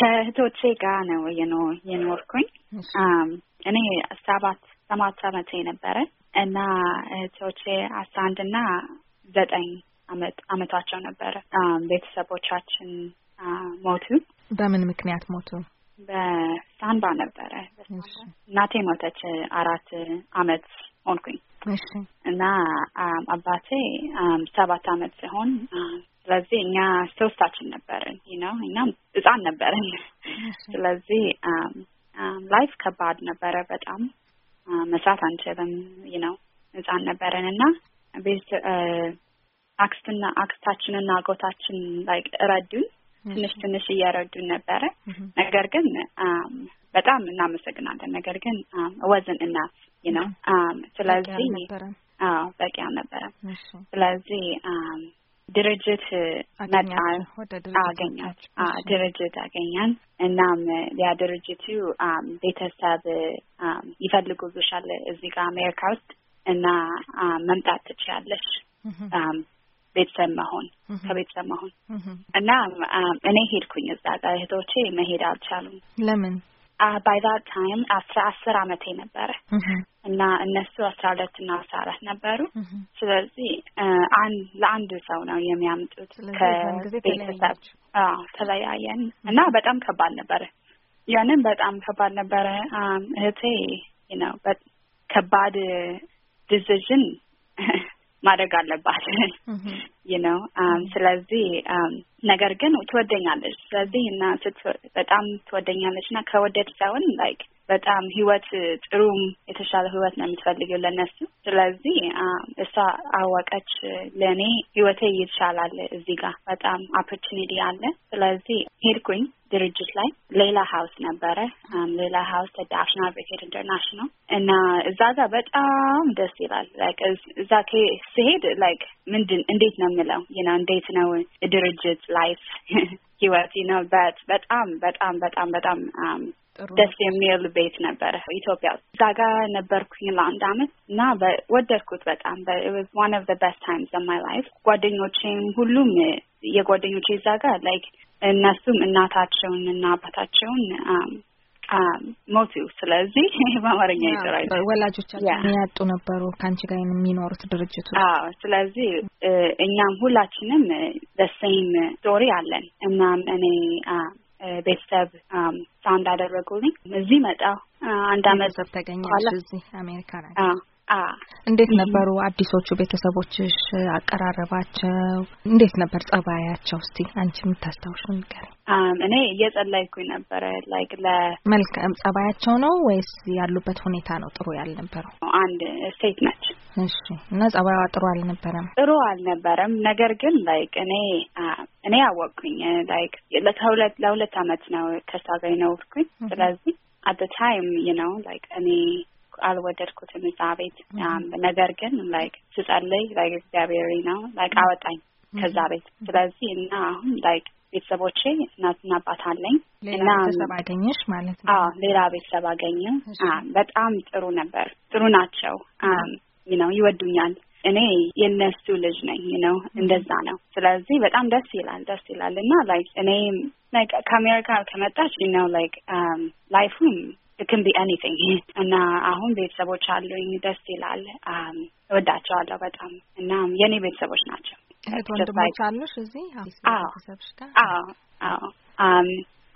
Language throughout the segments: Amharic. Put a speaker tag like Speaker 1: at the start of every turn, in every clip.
Speaker 1: ከእህቶቼ ጋር ነው የኖርኩኝ። እኔ ሰባት ሰባት አመቴ ነበረ እና እህቶቼ አስራ አንድ እና ዘጠኝ አመት አመቷቸው ነበረ። ቤተሰቦቻችን ሞቱ።
Speaker 2: በምን ምክንያት ሞቱ?
Speaker 1: በሳንባ ነበረ። እናቴ ሞተች። አራት አመት ሆንኩኝ እና አባቴ ሰባት አመት ሲሆን ስለዚህ እኛ ሶስታችን ነበርን ነው እኛ ህጻን ነበርን። ስለዚህ ላይፍ um, um, ከባድ ነበረ በጣም uh, መስራት አንችልም ነው ህጻን ነበርን እና ቤት uh, አክስትና አክስታችንና አጎታችን ላይ ረዱን። ትንሽ ትንሽ እየረዱን ነበረ። ነገር ግን um, በጣም እናመሰግናለን። ነገር ግን ወዝን እናት ነው ስለዚህ በቂ አልነበረም። ስለዚህ ድርጅት መጣን ድርጅት አገኛን። እናም ያ ድርጅቱ ቤተሰብ ይፈልጉብሻል እዚህ ጋር አሜሪካ ውስጥ እና መምጣት ትችላለሽ ቤተሰብ መሆን ከቤተሰብ መሆን እና እኔ ሄድኩኝ እዛ ጋ እህቶቼ መሄድ አልቻሉም። ለምን ባይ ዛት ታይም አስራ አስር አመቴ ነበረ እና እነሱ አስራ ሁለት እና አስራ አራት ነበሩ። ስለዚህ ለአንድ ሰው ነው የሚያምጡት ከቤተሰብ ተለያየን እና በጣም ከባድ ነበረ። ያንን በጣም ከባድ ነበረ። እህቴ ነው ከባድ ዲሲዥን ማድረግ አለባት ነው። um, ስለዚህ um, ነገር ግን ትወደኛለች። ስለዚህ እና በጣም ትወደኛለች እና ከወደድ ሳይሆን ላይክ በጣም ህይወት ጥሩም የተሻለ ህይወት ነው የምትፈልገው ለነሱ። ስለዚህ um, እሷ አወቀች ለእኔ ህይወቴ ይሻላል፣ እዚህ ጋር በጣም ኦፖርቹኒቲ አለ። ስለዚህ ሄድኩኝ ድርጅት ላይ ሌላ ሀውስ ነበረ። ሌላ ሀውስ አዳፕሽን አድቮኬት ኢንተርናሽናል እና እዛ ጋር በጣም ደስ ይላል። ላይክ እዛ ስሄድ ላይክ ምንድን እንዴት ነው የምለው ይና እንዴት ነው ድርጅት ላይፍ ህይወት ነው በጣም በጣም በጣም በጣም ደስ የሚል ቤት ነበረ ኢትዮጵያ ውስጥ። እዛ ጋር ነበርኩኝ ለአንድ አመት እና ወደድኩት በጣም ዋን ኦፍ ዘ በስት ታይምስ ማይ ላይፍ። ጓደኞቼም ሁሉም የጓደኞቼ እዛ ጋር ላይክ እነሱም እናታቸውን እና አባታቸውን ሞቱ። ስለዚህ በአማርኛ ይጠራል ወላጆቻቸውን
Speaker 2: ያጡ ነበሩ ከአንቺ ጋር የሚኖሩት ድርጅቱ።
Speaker 1: ስለዚህ እኛም ሁላችንም ደሴም ስቶሪ አለን። እናም እኔ ቤተሰብ ሳንድ አደረጉልኝ። እዚህ መጣሁ። አንድ አመት
Speaker 2: ተገኘ እዚህ አሜሪካ ነ እንዴት ነበሩ አዲሶቹ ቤተሰቦችሽ? አቀራረባቸው እንዴት ነበር? ጸባያቸው እስቲ አንቺ የምታስታውሽ ነገር። እኔ
Speaker 1: እየጸለይኩኝ ነበረ። ላይክ
Speaker 2: ለመልካም ጸባያቸው ነው ወይስ ያሉበት ሁኔታ ነው ጥሩ ያልነበረው? አንድ ሴት ነች። እሺ። እና ጸባይዋ ጥሩ አልነበረም።
Speaker 1: ጥሩ አልነበረም። ነገር ግን ላይክ እኔ እኔ አወቅኩኝ ላይክ ለሁለት ለሁለት አመት ነው ከሷ ጋር ስለዚህ አት ታይም ነው ላይክ እኔ አልወደድኩትም እዛ ቤት። ነገር ግን ላይክ ስጸልይ ላይክ እግዚአብሔር ነው ላይክ አወጣኝ ከዛ ቤት። ስለዚህ እና አሁን ላይክ ቤተሰቦቼ እናትና አባት አለኝ እና ቤተሰብ
Speaker 2: አገኘሽ ማለት ነው።
Speaker 1: ሌላ ቤተሰብ አገኘ። በጣም ጥሩ ነበር። ጥሩ ናቸው ነው ይወዱኛል። እኔ የእነሱ ልጅ ነኝ ነው እንደዛ ነው። ስለዚህ በጣም ደስ ይላል፣ ደስ ይላል እና ላይክ እኔ ከአሜሪካ ከመጣች ነው ላይክ ላይፉም ክን ቢ ኤኒቲንግ እና አሁን ቤተሰቦች አሉኝ። ደስ ይላል። እወዳቸዋለሁ በጣም እና የእኔ ቤተሰቦች ናቸው።
Speaker 2: ወንድሞች አሉሽ እዚህ አዎ
Speaker 1: አዎ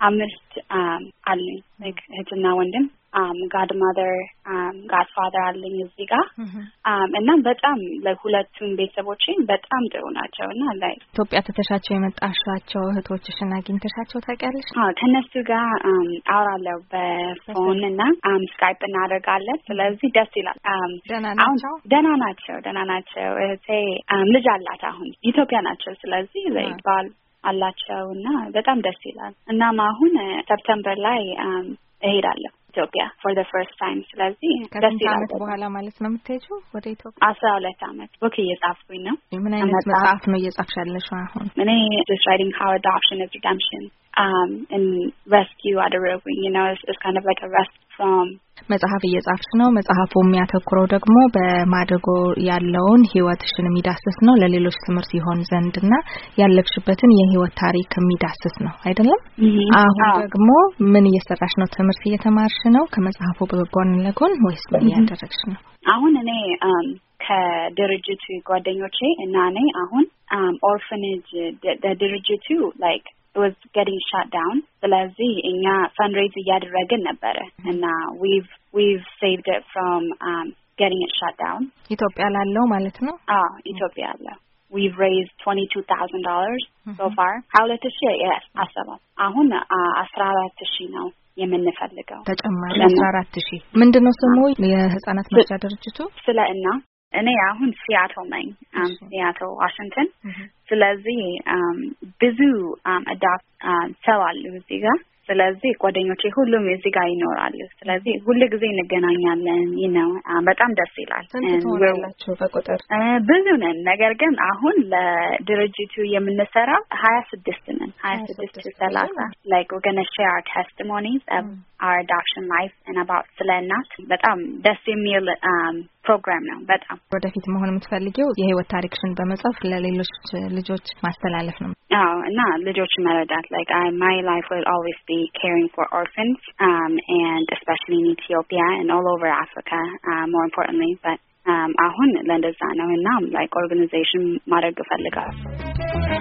Speaker 1: አምስት አሉኝ እህትና ወንድም ጋድ ጋድማዘር ጋድፋዘር አለኝ እዚህ ጋር um, እናም በጣም ለሁለቱም ቤተሰቦችን በጣም ጥሩ ናቸው እና ላይ
Speaker 2: ኢትዮጵያ ትተሻቸው የመጣሻቸው እህቶችሽን አግኝተሻቸው ታውቂያለሽ?
Speaker 1: ከእነሱ ጋር um, አውራለሁ በፎን እና ስካይፕ um, እናደርጋለን። ስለዚህ ደስ ይላል። ደህና ናቸው፣ ደህና ናቸው። እህቴ ልጅ አላት አሁን ኢትዮጵያ ናቸው። ስለዚህ ባል አላቸው እና በጣም ደስ ይላል። እናም አሁን ሰፕተምበር uh, ላይ እሄዳለሁ ኢትዮጵያ ፎር ዘ ፈርስት ታይም። ስለዚህ ደስ ይላል። ከዓመት በኋላ ማለት ነው የምትሄጂው ወደ ኢትዮጵያ? አስራ ሁለት ዓመት ቦክ እየጻፍኩኝ ነው።
Speaker 2: ምን አይነት መጽሐፍ ነው እየጻፍሽ ያለሽው አሁን? እኔ
Speaker 1: ራይቲንግ ሀው አዶፕሽን ኢዝ ሪደምፕሽን um, and rescue Adarogu, you know, it's, it's kind of like a rest from
Speaker 2: መጽሐፍ እየጻፍሽ ነው። መጽሐፉ የሚያተኩረው ደግሞ በማደጎ ያለውን ህይወትሽን የሚዳስስ ነው። ለሌሎች ትምህርት ይሆን ዘንድ ዘንድና ያለፍሽበትን የህይወት ታሪክ የሚዳስስ ነው አይደለም? Mm-hmm. አሁን ደግሞ ምን እየሰራሽ ነው? ትምህርት እየተማርሽ ነው ከመጽሐፉ በጎን ለጎን ወይስ ምን mm-hmm. እያደረግሽ ነው?
Speaker 1: አሁን እኔ um, ከድርጅቱ ጓደኞቼ እና እኔ አሁን ኦርፈኔጅ um, ድርጅቱ ላይክ was getting shut down ስለዚህ እኛ ፈንድሬዝ እያደረግን ነበረ እና we've we've saved it from um, getting it shut down
Speaker 2: ኢትዮጵያ ላለው ማለት ነው
Speaker 1: አዎ ኢትዮጵያ ያለው we've raised twenty two thousand dollars so far ሁለት ሺ አሰባት አሁን አስራ አራት ሺ ነው የምንፈልገው ተጨማሪ አስራ
Speaker 2: አራት ሺ ምንድን ነው ስሙ የህጻናት መርጃ ድርጅቱ ስለ እና
Speaker 1: እኔ አሁን ሲያቶ ነኝ ሲያቶ ዋሽንግተን ስለዚህ um, ብዙ አዳፕት ሰው አሉ እዚህ ጋር። ስለዚህ ጓደኞቼ ሁሉም እዚህ ጋር ይኖራሉ። ስለዚህ ሁሉ ጊዜ እንገናኛለን ነው። um, በጣም ደስ ይላል። በቁጥር uh, ብዙ ነን፣ ነገር ግን አሁን ለድርጅቱ የምንሰራው ሀያ ስድስት ነን ሀያ ስድስት ሰላሳ ላይክ ወገነ ሼር ቴስቲሞኒስ አር adoption ላይፍ እና about ስለ በጣም ደስ የሚል ፕሮግራም ነው። በጣም
Speaker 2: ወደፊት መሆን የምትፈልጊው የህይወት ታሪክሽን በመጻፍ ለሌሎች ልጆች ማስተላለፍ ነው።
Speaker 1: አዎ እና ልጆች መረዳት like I, my life will always be caring for orphans um, and especially in Ethiopia and all over Africa uh, more importantly but um, አሁን ለእንደዛ ነው እና like organization ማድረግ እፈልጋለሁ።